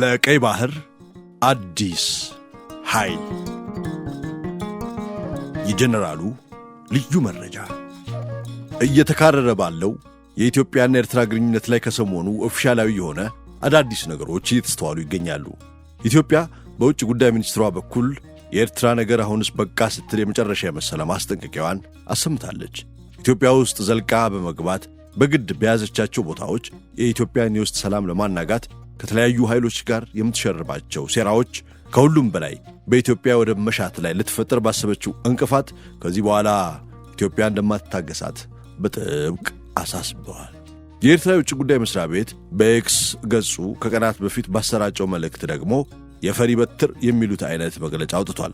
ለቀይ ባህር አዲስ ኃይል የጀነራሉ ልዩ መረጃ እየተካረረ ባለው የኢትዮጵያና ኤርትራ ግንኙነት ላይ ከሰሞኑ ኦፊሻላዊ የሆነ አዳዲስ ነገሮች እየተስተዋሉ ይገኛሉ። ኢትዮጵያ በውጭ ጉዳይ ሚኒስትሯ በኩል የኤርትራ ነገር አሁንስ በቃ ስትል የመጨረሻ የመሰለ ማስጠንቀቂያዋን አሰምታለች። ኢትዮጵያ ውስጥ ዘልቃ በመግባት በግድ በያዘቻቸው ቦታዎች የኢትዮጵያን የውስጥ ሰላም ለማናጋት ከተለያዩ ኃይሎች ጋር የምትሸርባቸው ሴራዎች ከሁሉም በላይ በኢትዮጵያ ወደብ መሻት ላይ ልትፈጥር ባሰበችው እንቅፋት ከዚህ በኋላ ኢትዮጵያ እንደማትታገሳት በጥብቅ አሳስበዋል። የኤርትራ የውጭ ጉዳይ መስሪያ ቤት በኤክስ ገጹ ከቀናት በፊት ባሰራጨው መልእክት ደግሞ የፈሪ በትር የሚሉት አይነት መግለጫ አውጥቷል።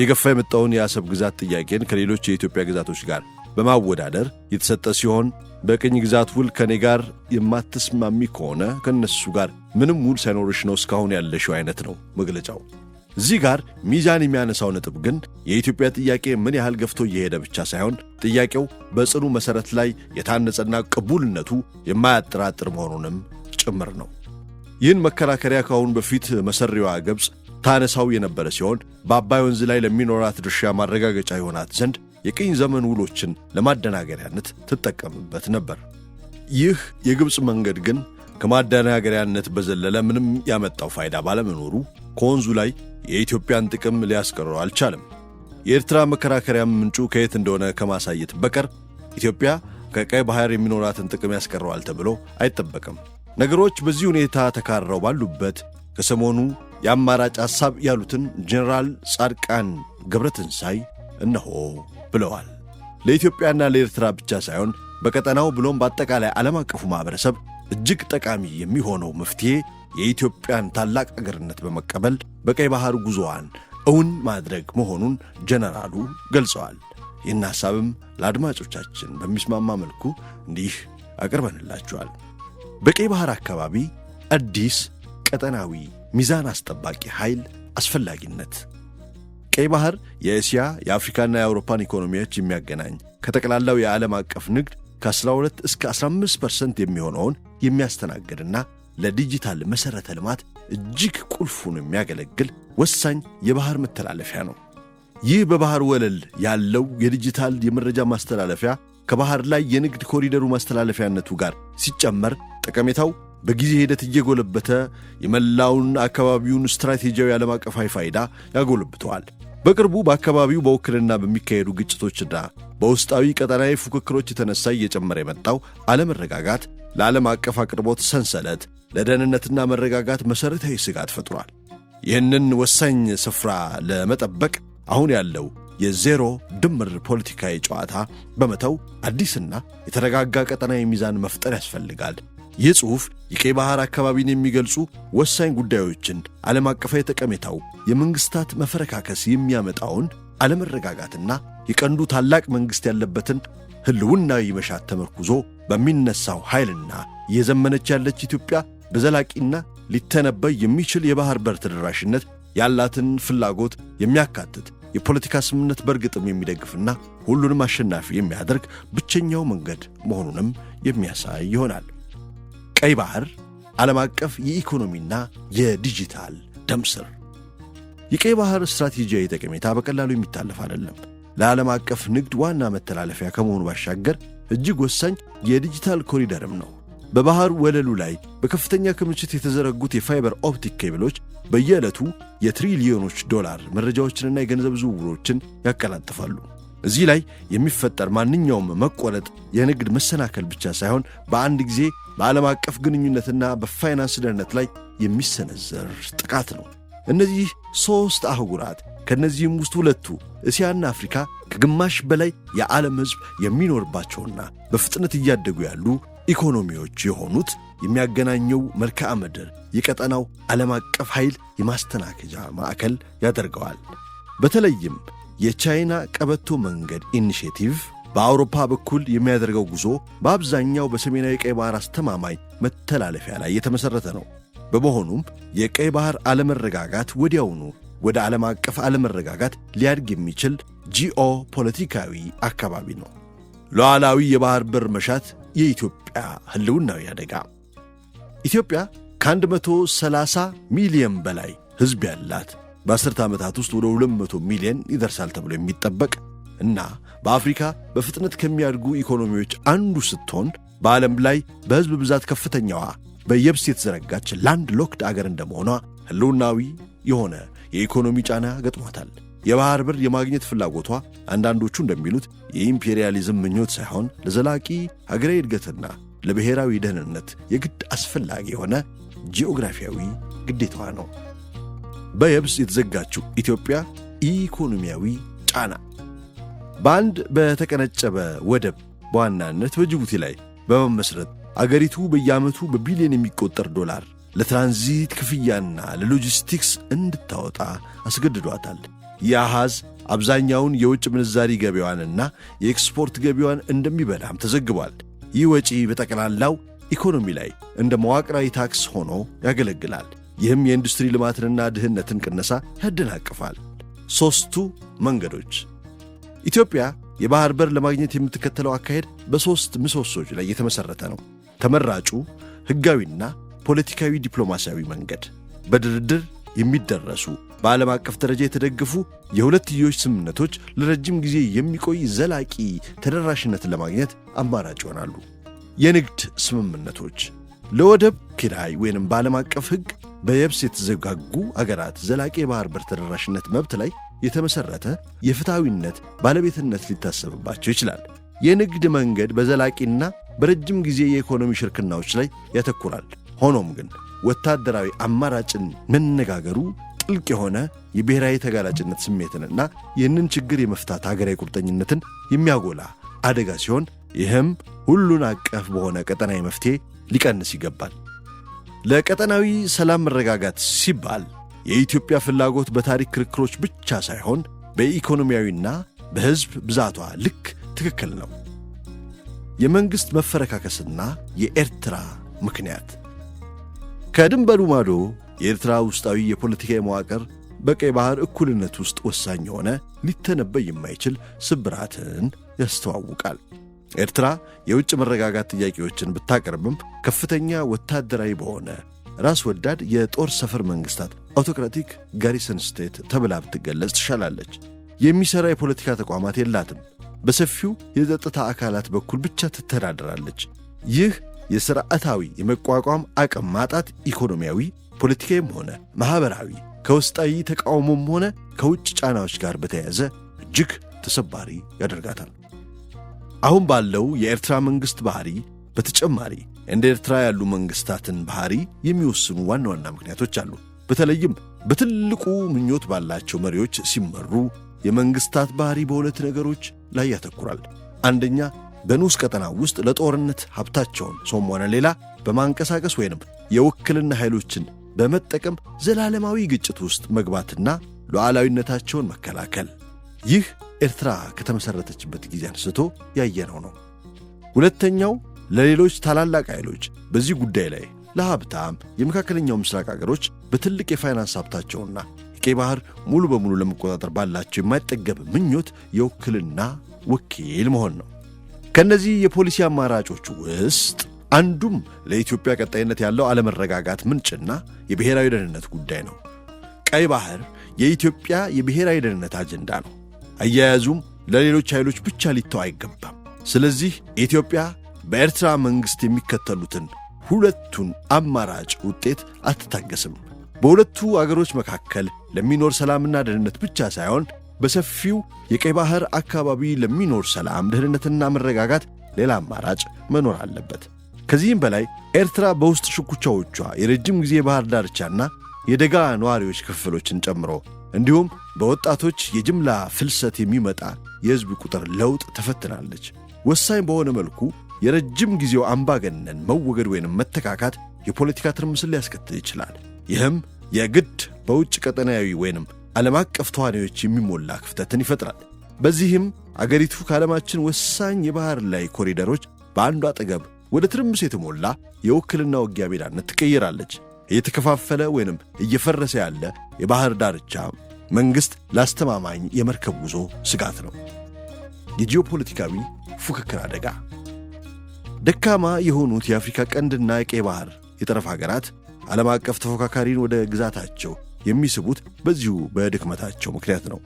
የገፋ የመጣውን የአሰብ ግዛት ጥያቄን ከሌሎች የኢትዮጵያ ግዛቶች ጋር በማወዳደር የተሰጠ ሲሆን በቅኝ ግዛት ውል ከእኔ ጋር የማትስማሚ ከሆነ ከእነሱ ጋር ምንም ውል ሳይኖርሽ ነው እስካሁን ያለሽው አይነት ነው መግለጫው። እዚህ ጋር ሚዛን የሚያነሳው ነጥብ ግን የኢትዮጵያ ጥያቄ ምን ያህል ገፍቶ እየሄደ ብቻ ሳይሆን ጥያቄው በጽኑ መሠረት ላይ የታነጸና ቅቡልነቱ የማያጠራጥር መሆኑንም ጭምር ነው። ይህን መከራከሪያ ከአሁን በፊት መሠሪዋ ግብፅ ታነሳው የነበረ ሲሆን በአባይ ወንዝ ላይ ለሚኖራት ድርሻ ማረጋገጫ ይሆናት ዘንድ የቅኝ ዘመን ውሎችን ለማደናገሪያነት ትጠቀምበት ነበር። ይህ የግብፅ መንገድ ግን ከማደናገሪያነት በዘለለ ምንም ያመጣው ፋይዳ ባለመኖሩ ከወንዙ ላይ የኢትዮጵያን ጥቅም ሊያስቀረው አልቻለም። የኤርትራ መከራከሪያ ምንጩ ከየት እንደሆነ ከማሳየት በቀር ኢትዮጵያ ከቀይ ባህር የሚኖራትን ጥቅም ያስቀረዋል ተብሎ አይጠበቅም። ነገሮች በዚህ ሁኔታ ተካረው ባሉበት ከሰሞኑ የአማራጭ ሐሳብ ያሉትን ጄኔራል ጻድቃን ገብረትንሳይ እነሆ ብለዋል። ለኢትዮጵያና ለኤርትራ ብቻ ሳይሆን በቀጠናው ብሎም በአጠቃላይ ዓለም አቀፉ ማኅበረሰብ እጅግ ጠቃሚ የሚሆነው መፍትሔ የኢትዮጵያን ታላቅ አገርነት በመቀበል በቀይ ባሕር ጉዞዋን እውን ማድረግ መሆኑን ጀነራሉ ገልጸዋል። ይህን ሐሳብም ለአድማጮቻችን በሚስማማ መልኩ እንዲህ አቅርበንላችኋል። በቀይ ባሕር አካባቢ አዲስ ቀጠናዊ ሚዛን አስጠባቂ ኃይል አስፈላጊነት ቀይ ባህር የእስያ የአፍሪካና የአውሮፓን ኢኮኖሚዎች የሚያገናኝ ከጠቅላላው የዓለም አቀፍ ንግድ ከ12 እስከ 15 ፐርሰንት የሚሆነውን የሚያስተናግድና ለዲጂታል መሠረተ ልማት እጅግ ቁልፉን የሚያገለግል ወሳኝ የባህር መተላለፊያ ነው። ይህ በባህር ወለል ያለው የዲጂታል የመረጃ ማስተላለፊያ ከባህር ላይ የንግድ ኮሪደሩ ማስተላለፊያነቱ ጋር ሲጨመር ጠቀሜታው በጊዜ ሂደት እየጎለበተ የመላውን አካባቢውን ስትራቴጂያዊ ዓለም አቀፋዊ ፋይዳ ያጎለብተዋል። በቅርቡ በአካባቢው በውክልና በሚካሄዱ ግጭቶችና በውስጣዊ ቀጠናዊ ፉክክሮች የተነሳ እየጨመረ የመጣው አለመረጋጋት ለዓለም አቀፍ አቅርቦት ሰንሰለት፣ ለደህንነትና መረጋጋት መሠረታዊ ስጋት ፈጥሯል። ይህንን ወሳኝ ስፍራ ለመጠበቅ አሁን ያለው የዜሮ ድምር ፖለቲካዊ ጨዋታ በመተው አዲስና የተረጋጋ ቀጠናዊ ሚዛን መፍጠር ያስፈልጋል ይህ ጽሑፍ የቀይ ባህር አካባቢን የሚገልጹ ወሳኝ ጉዳዮችን፣ ዓለም አቀፋዊ ጠቀሜታው፣ የመንግሥታት መፈረካከስ የሚያመጣውን አለመረጋጋትና የቀንዱ ታላቅ መንግሥት ያለበትን ሕልውናዊ መሻት ተመርኩዞ በሚነሳው ኃይልና እየዘመነች ያለች ኢትዮጵያ በዘላቂና ሊተነበይ የሚችል የባህር በር ተደራሽነት ያላትን ፍላጎት የሚያካትት የፖለቲካ ስምምነት በእርግጥም የሚደግፍና ሁሉንም አሸናፊ የሚያደርግ ብቸኛው መንገድ መሆኑንም የሚያሳይ ይሆናል። ቀይ ባህር ዓለም አቀፍ የኢኮኖሚና የዲጂታል ደምስር የቀይ ባህር ስትራቴጂያዊ ጠቀሜታ በቀላሉ የሚታለፍ አይደለም። ለዓለም አቀፍ ንግድ ዋና መተላለፊያ ከመሆኑ ባሻገር እጅግ ወሳኝ የዲጂታል ኮሪደርም ነው። በባህር ወለሉ ላይ በከፍተኛ ክምችት የተዘረጉት የፋይበር ኦፕቲክ ኬብሎች በየዕለቱ የትሪሊዮኖች ዶላር መረጃዎችንና የገንዘብ ዝውውሮችን ያቀላጥፋሉ። እዚህ ላይ የሚፈጠር ማንኛውም መቆረጥ የንግድ መሰናከል ብቻ ሳይሆን በአንድ ጊዜ በዓለም አቀፍ ግንኙነትና በፋይናንስ ደህንነት ላይ የሚሰነዘር ጥቃት ነው። እነዚህ ሦስት አህጉራት ከእነዚህም ውስጥ ሁለቱ እስያና አፍሪካ ከግማሽ በላይ የዓለም ሕዝብ የሚኖርባቸውና በፍጥነት እያደጉ ያሉ ኢኮኖሚዎች የሆኑት የሚያገናኘው መልክዓ ምድር የቀጠናው ዓለም አቀፍ ኃይል የማስተናከጃ ማዕከል ያደርገዋል። በተለይም የቻይና ቀበቶ መንገድ ኢኒሼቲቭ በአውሮፓ በኩል የሚያደርገው ጉዞ በአብዛኛው በሰሜናዊ ቀይ ባህር አስተማማኝ መተላለፊያ ላይ የተመሠረተ ነው። በመሆኑም የቀይ ባህር አለመረጋጋት ወዲያውኑ ወደ ዓለም አቀፍ አለመረጋጋት ሊያድግ የሚችል ጂኦ ፖለቲካዊ አካባቢ ነው። ሉዓላዊ የባህር በር መሻት የኢትዮጵያ ህልውናዊ አደጋ። ኢትዮጵያ ከ130 ሚሊዮን በላይ ሕዝብ ያላት በአስርተ ዓመታት ውስጥ ወደ 200 ሚሊዮን ይደርሳል ተብሎ የሚጠበቅ እና በአፍሪካ በፍጥነት ከሚያድጉ ኢኮኖሚዎች አንዱ ስትሆን በዓለም ላይ በሕዝብ ብዛት ከፍተኛዋ በየብስ የተዘረጋች ላንድ ሎክድ አገር እንደመሆኗ ህልውናዊ የሆነ የኢኮኖሚ ጫና ገጥሟታል። የባህር በር የማግኘት ፍላጎቷ አንዳንዶቹ እንደሚሉት የኢምፔሪያሊዝም ምኞት ሳይሆን ለዘላቂ ሀገራዊ እድገትና ለብሔራዊ ደህንነት የግድ አስፈላጊ የሆነ ጂኦግራፊያዊ ግዴታዋ ነው። በየብስ የተዘጋችው ኢትዮጵያ ኢኮኖሚያዊ ጫና በአንድ በተቀነጨበ ወደብ በዋናነት በጅቡቲ ላይ በመመስረት አገሪቱ በየዓመቱ በቢሊዮን የሚቆጠር ዶላር ለትራንዚት ክፍያና ለሎጂስቲክስ እንድታወጣ አስገድዷታል። ይህ አብዛኛውን የውጭ ምንዛሪ ገቢዋንና የኤክስፖርት ገቢዋን እንደሚበላም ተዘግቧል። ይህ ወጪ በጠቅላላው ኢኮኖሚ ላይ እንደ መዋቅራዊ ታክስ ሆኖ ያገለግላል። ይህም የኢንዱስትሪ ልማትንና ድህነትን ቅነሳ ያደናቅፋል። ሦስቱ መንገዶች ኢትዮጵያ የባህር በር ለማግኘት የምትከተለው አካሄድ በሦስት ምሰሶች ላይ የተመሠረተ ነው። ተመራጩ ሕጋዊና ፖለቲካዊ ዲፕሎማሲያዊ መንገድ፣ በድርድር የሚደረሱ በዓለም አቀፍ ደረጃ የተደገፉ የሁለትዮሽ ስምምነቶች ለረጅም ጊዜ የሚቆይ ዘላቂ ተደራሽነትን ለማግኘት አማራጭ ይሆናሉ። የንግድ ስምምነቶች ለወደብ ኪራይ ወይንም በዓለም አቀፍ ሕግ በየብስ የተዘጋጉ አገራት ዘላቂ የባህር በር ተደራሽነት መብት ላይ የተመሠረተ የፍትሐዊነት ባለቤትነት ሊታሰብባቸው ይችላል። የንግድ መንገድ በዘላቂና በረጅም ጊዜ የኢኮኖሚ ሽርክናዎች ላይ ያተኩራል። ሆኖም ግን ወታደራዊ አማራጭን መነጋገሩ ጥልቅ የሆነ የብሔራዊ ተጋላጭነት ስሜትንና ይህንን ችግር የመፍታት ሀገራዊ ቁርጠኝነትን የሚያጎላ አደጋ ሲሆን ይህም ሁሉን አቀፍ በሆነ ቀጠናዊ መፍትሄ ሊቀንስ ይገባል። ለቀጠናዊ ሰላም መረጋጋት ሲባል የኢትዮጵያ ፍላጎት በታሪክ ክርክሮች ብቻ ሳይሆን በኢኮኖሚያዊና በሕዝብ ብዛቷ ልክ ትክክል ነው። የመንግሥት መፈረካከስና የኤርትራ ምክንያት ከድንበሩ ማዶ የኤርትራ ውስጣዊ የፖለቲካ መዋቅር በቀይ ባሕር እኩልነት ውስጥ ወሳኝ የሆነ ሊተነበይ የማይችል ስብራትን ያስተዋውቃል። ኤርትራ የውጭ መረጋጋት ጥያቄዎችን ብታቀርብም ከፍተኛ ወታደራዊ በሆነ ራስ ወዳድ የጦር ሰፈር መንግሥታት አውቶክራቲክ ጋሪሰን ስቴት ተብላ ብትገለጽ ትሻላለች። የሚሠራ የፖለቲካ ተቋማት የላትም። በሰፊው የጸጥታ አካላት በኩል ብቻ ትተዳደራለች። ይህ የሥርዓታዊ የመቋቋም አቅም ማጣት ኢኮኖሚያዊ፣ ፖለቲካዊም ሆነ ማኅበራዊ ከውስጣዊ ተቃውሞም ሆነ ከውጭ ጫናዎች ጋር በተያያዘ እጅግ ተሰባሪ ያደርጋታል። አሁን ባለው የኤርትራ መንግሥት ባሕሪ በተጨማሪ እንደ ኤርትራ ያሉ መንግሥታትን ባሕሪ የሚወስኑ ዋና ዋና ምክንያቶች አሉ። በተለይም በትልቁ ምኞት ባላቸው መሪዎች ሲመሩ የመንግስታት ባህሪ በሁለት ነገሮች ላይ ያተኩራል። አንደኛ በንዑስ ቀጠና ውስጥ ለጦርነት ሀብታቸውን ሰውም ሆነ ሌላ በማንቀሳቀስ ወይንም የውክልና ኃይሎችን በመጠቀም ዘላለማዊ ግጭት ውስጥ መግባትና ሉዓላዊነታቸውን መከላከል። ይህ ኤርትራ ከተመሠረተችበት ጊዜ አንስቶ ያየነው ነው። ሁለተኛው ለሌሎች ታላላቅ ኃይሎች በዚህ ጉዳይ ላይ ለሀብታም የመካከለኛው ምስራቅ አገሮች በትልቅ የፋይናንስ ሀብታቸውና ቀይ ባህር ሙሉ በሙሉ ለመቆጣጠር ባላቸው የማይጠገብ ምኞት የውክልና ወኪል መሆን ነው። ከእነዚህ የፖሊሲ አማራጮች ውስጥ አንዱም ለኢትዮጵያ ቀጣይነት ያለው አለመረጋጋት ምንጭና የብሔራዊ ደህንነት ጉዳይ ነው። ቀይ ባህር የኢትዮጵያ የብሔራዊ ደህንነት አጀንዳ ነው። አያያዙም ለሌሎች ኃይሎች ብቻ ሊተው አይገባም። ስለዚህ ኢትዮጵያ በኤርትራ መንግሥት የሚከተሉትን ሁለቱን አማራጭ ውጤት አትታገስም። በሁለቱ አገሮች መካከል ለሚኖር ሰላምና ደህንነት ብቻ ሳይሆን በሰፊው የቀይ ባህር አካባቢ ለሚኖር ሰላም፣ ደህንነትና መረጋጋት ሌላ አማራጭ መኖር አለበት። ከዚህም በላይ ኤርትራ በውስጥ ሽኩቻዎቿ የረጅም ጊዜ የባህር ዳርቻና የደጋ ነዋሪዎች ክፍሎችን ጨምሮ እንዲሁም በወጣቶች የጅምላ ፍልሰት የሚመጣ የሕዝብ ቁጥር ለውጥ ተፈትናለች። ወሳኝ በሆነ መልኩ የረጅም ጊዜው አምባገነን መወገድ ወይንም መተካካት የፖለቲካ ትርምስን ሊያስከትል ይችላል። ይህም የግድ በውጭ ቀጠናዊ ወይንም ዓለም አቀፍ ተዋናዮች የሚሞላ ክፍተትን ይፈጥራል። በዚህም አገሪቱ ከዓለማችን ወሳኝ የባሕር ላይ ኮሪደሮች በአንዱ አጠገብ ወደ ትርምስ የተሞላ የውክልና ውጊያ ሜዳነት ትቀይራለች። እየተከፋፈለ ወይንም እየፈረሰ ያለ የባሕር ዳርቻ መንግሥት ለአስተማማኝ የመርከብ ጉዞ ስጋት ነው። የጂኦፖለቲካዊ ፉክክር አደጋ ደካማ የሆኑት የአፍሪካ ቀንድና የቀይ ባሕር የጠረፍ ሀገራት ዓለም አቀፍ ተፎካካሪን ወደ ግዛታቸው የሚስቡት በዚሁ በድክመታቸው ምክንያት ነው።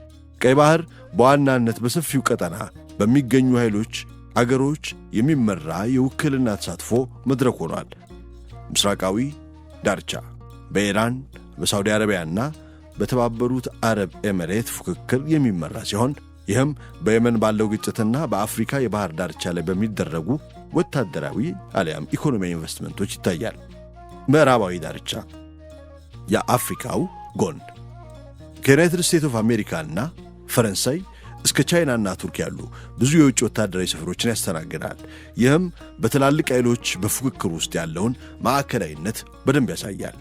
ቀይ ባህር በዋናነት በሰፊው ቀጠና በሚገኙ ኃይሎች አገሮች የሚመራ የውክልና ተሳትፎ መድረክ ሆኗል። ምስራቃዊ ዳርቻ በኢራን በሳውዲ አረቢያና በተባበሩት አረብ ኤምሬት ፉክክር የሚመራ ሲሆን ይህም በየመን ባለው ግጭትና በአፍሪካ የባህር ዳርቻ ላይ በሚደረጉ ወታደራዊ አሊያም ኢኮኖሚያዊ ኢንቨስትመንቶች ይታያል። ምዕራባዊ ዳርቻ የአፍሪካው ጎን ከዩናይትድ ስቴትስ ኦፍ አሜሪካና ፈረንሳይ እስከ ቻይናና ቱርክ ያሉ ብዙ የውጭ ወታደራዊ ሰፈሮችን ያስተናግዳል። ይህም በትላልቅ ኃይሎች በፉክክር ውስጥ ያለውን ማዕከላዊነት በደንብ ያሳያል።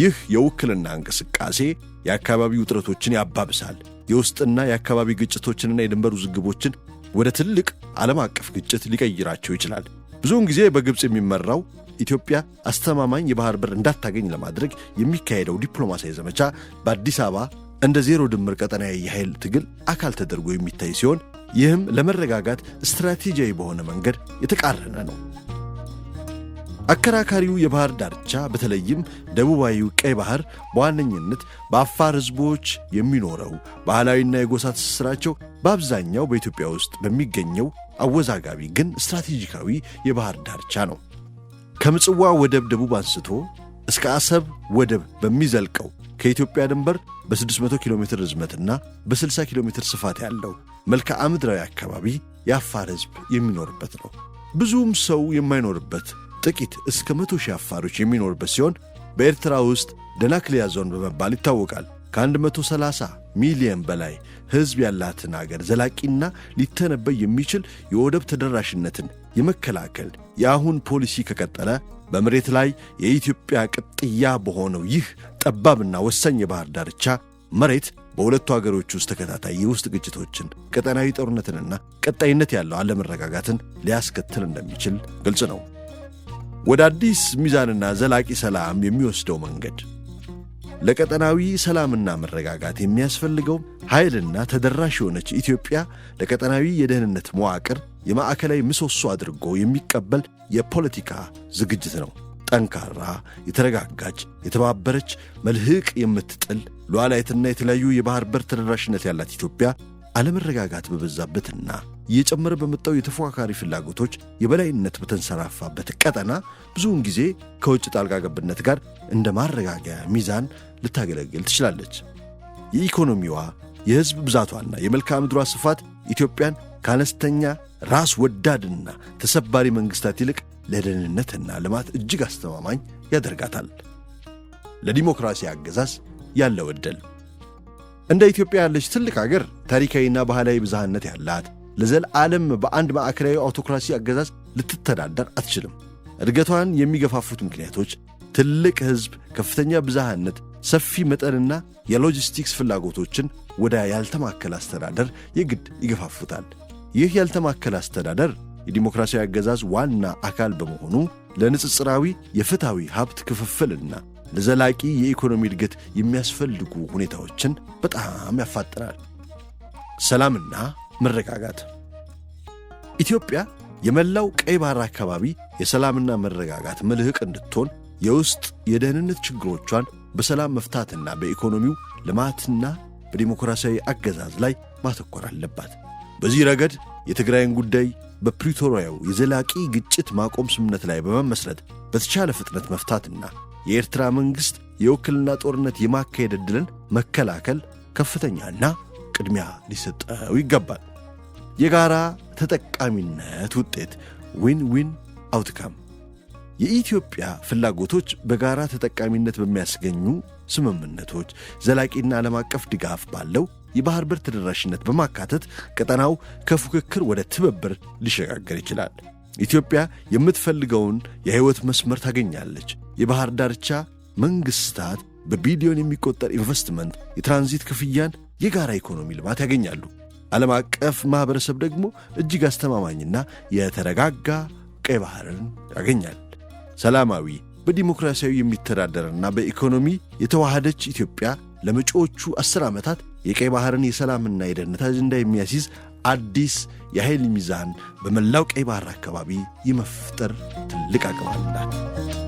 ይህ የውክልና እንቅስቃሴ የአካባቢ ውጥረቶችን ያባብሳል። የውስጥና የአካባቢ ግጭቶችንና የድንበር ውዝግቦችን ወደ ትልቅ ዓለም አቀፍ ግጭት ሊቀይራቸው ይችላል። ብዙውን ጊዜ በግብፅ የሚመራው ኢትዮጵያ አስተማማኝ የባህር በር እንዳታገኝ ለማድረግ የሚካሄደው ዲፕሎማሲያዊ ዘመቻ በአዲስ አበባ እንደ ዜሮ ድምር ቀጠናዊ የኃይል ትግል አካል ተደርጎ የሚታይ ሲሆን ይህም ለመረጋጋት ስትራቴጂያዊ በሆነ መንገድ የተቃረነ ነው። አከራካሪው የባህር ዳርቻ በተለይም ደቡባዊው ቀይ ባህር በዋነኝነት በአፋር ሕዝቦች የሚኖረው ባህላዊና የጎሳ ትስስራቸው በአብዛኛው በኢትዮጵያ ውስጥ በሚገኘው አወዛጋቢ ግን ስትራቴጂካዊ የባህር ዳርቻ ነው። ከምጽዋ ወደብ ደቡብ አንስቶ እስከ አሰብ ወደብ በሚዘልቀው ከኢትዮጵያ ድንበር በ600 ኪሎ ሜትር ርዝመትና በ60 ኪሎ ሜትር ስፋት ያለው መልክዓ ምድራዊ አካባቢ የአፋር ሕዝብ የሚኖርበት ነው። ብዙም ሰው የማይኖርበት ጥቂት እስከ መቶ ሺህ አፋሮች የሚኖርበት ሲሆን በኤርትራ ውስጥ ደናክሊያ ዞን በመባል ይታወቃል። ከ130 ሚሊየን በላይ ሕዝብ ያላትን አገር ዘላቂና ሊተነበይ የሚችል የወደብ ተደራሽነትን የመከላከል የአሁን ፖሊሲ ከቀጠለ በመሬት ላይ የኢትዮጵያ ቅጥያ በሆነው ይህ ጠባብና ወሳኝ የባህር ዳርቻ መሬት በሁለቱ አገሮች ውስጥ ተከታታይ የውስጥ ግጭቶችን፣ ቀጠናዊ ጦርነትንና ቀጣይነት ያለው አለመረጋጋትን ሊያስከትል እንደሚችል ግልጽ ነው። ወደ አዲስ ሚዛንና ዘላቂ ሰላም የሚወስደው መንገድ ለቀጠናዊ ሰላምና መረጋጋት የሚያስፈልገው ኃይልና ተደራሽ የሆነች ኢትዮጵያ ለቀጠናዊ የደህንነት መዋቅር የማዕከላዊ ምሰሶ አድርጎ የሚቀበል የፖለቲካ ዝግጅት ነው። ጠንካራ፣ የተረጋጋች፣ የተባበረች፣ መልህቅ የምትጥል ሉዓላዊትና የተለያዩ የባህር በር ተደራሽነት ያላት ኢትዮጵያ አለመረጋጋት በበዛበትና እየጨመረ በመጣው የተፎካካሪ ፍላጎቶች የበላይነት በተንሰራፋበት ቀጠና ብዙውን ጊዜ ከውጭ ጣልቃ ገብነት ጋር እንደ ማረጋጊያ ሚዛን ልታገለግል ትችላለች። የኢኮኖሚዋ የሕዝብ ብዛቷና የመልክዓ ምድሯ ስፋት ኢትዮጵያን ከአነስተኛ ራስ ወዳድና ተሰባሪ መንግሥታት ይልቅ ለደህንነትና ልማት እጅግ አስተማማኝ ያደርጋታል። ለዲሞክራሲ አገዛዝ ያለው ዕድል እንደ ኢትዮጵያ ያለች ትልቅ አገር ታሪካዊና ባህላዊ ብዝሃነት ያላት ዓለም በአንድ ማዕከላዊ አውቶክራሲ አገዛዝ ልትተዳደር አትችልም። እድገቷን የሚገፋፉት ምክንያቶች ትልቅ ሕዝብ፣ ከፍተኛ ብዝሃነት፣ ሰፊ መጠንና የሎጂስቲክስ ፍላጎቶችን ወደ ያልተማከለ አስተዳደር የግድ ይገፋፉታል። ይህ ያልተማከለ አስተዳደር የዲሞክራሲያዊ አገዛዝ ዋና አካል በመሆኑ ለንጽጽራዊ የፍትሐዊ ሀብት ክፍፍልና ለዘላቂ የኢኮኖሚ እድገት የሚያስፈልጉ ሁኔታዎችን በጣም ያፋጥናል። ሰላምና መረጋጋት። ኢትዮጵያ የመላው ቀይ ባህር አካባቢ የሰላምና መረጋጋት መልህቅ እንድትሆን የውስጥ የደህንነት ችግሮቿን በሰላም መፍታትና በኢኮኖሚው ልማትና በዲሞክራሲያዊ አገዛዝ ላይ ማተኮር አለባት። በዚህ ረገድ የትግራይን ጉዳይ በፕሪቶሪያው የዘላቂ ግጭት ማቆም ስምነት ላይ በመመስረት በተቻለ ፍጥነት መፍታትና የኤርትራ መንግሥት የውክልና ጦርነት የማካሄድ ዕድልን መከላከል ከፍተኛና ቅድሚያ ሊሰጠው ይገባል። የጋራ ተጠቃሚነት ውጤት ዊን ዊን አውትካም የኢትዮጵያ ፍላጎቶች በጋራ ተጠቃሚነት በሚያስገኙ ስምምነቶች ዘላቂና ዓለም አቀፍ ድጋፍ ባለው የባህር በር ተደራሽነት በማካተት ቀጠናው ከፉክክር ወደ ትብብር ሊሸጋገር ይችላል። ኢትዮጵያ የምትፈልገውን የሕይወት መስመር ታገኛለች። የባህር ዳርቻ መንግሥታት በቢሊዮን የሚቆጠር ኢንቨስትመንት፣ የትራንዚት ክፍያን፣ የጋራ ኢኮኖሚ ልማት ያገኛሉ። ዓለም አቀፍ ማኅበረሰብ ደግሞ እጅግ አስተማማኝና የተረጋጋ ቀይ ባህርን ያገኛል። ሰላማዊ በዲሞክራሲያዊ የሚተዳደርና በኢኮኖሚ የተዋሃደች ኢትዮጵያ ለመጪዎቹ ዐሥር ዓመታት የቀይ ባህርን የሰላምና የደህንነት አጀንዳ የሚያስይዝ አዲስ የኃይል ሚዛን በመላው ቀይ ባህር አካባቢ የመፍጠር ትልቅ አቅም አላት።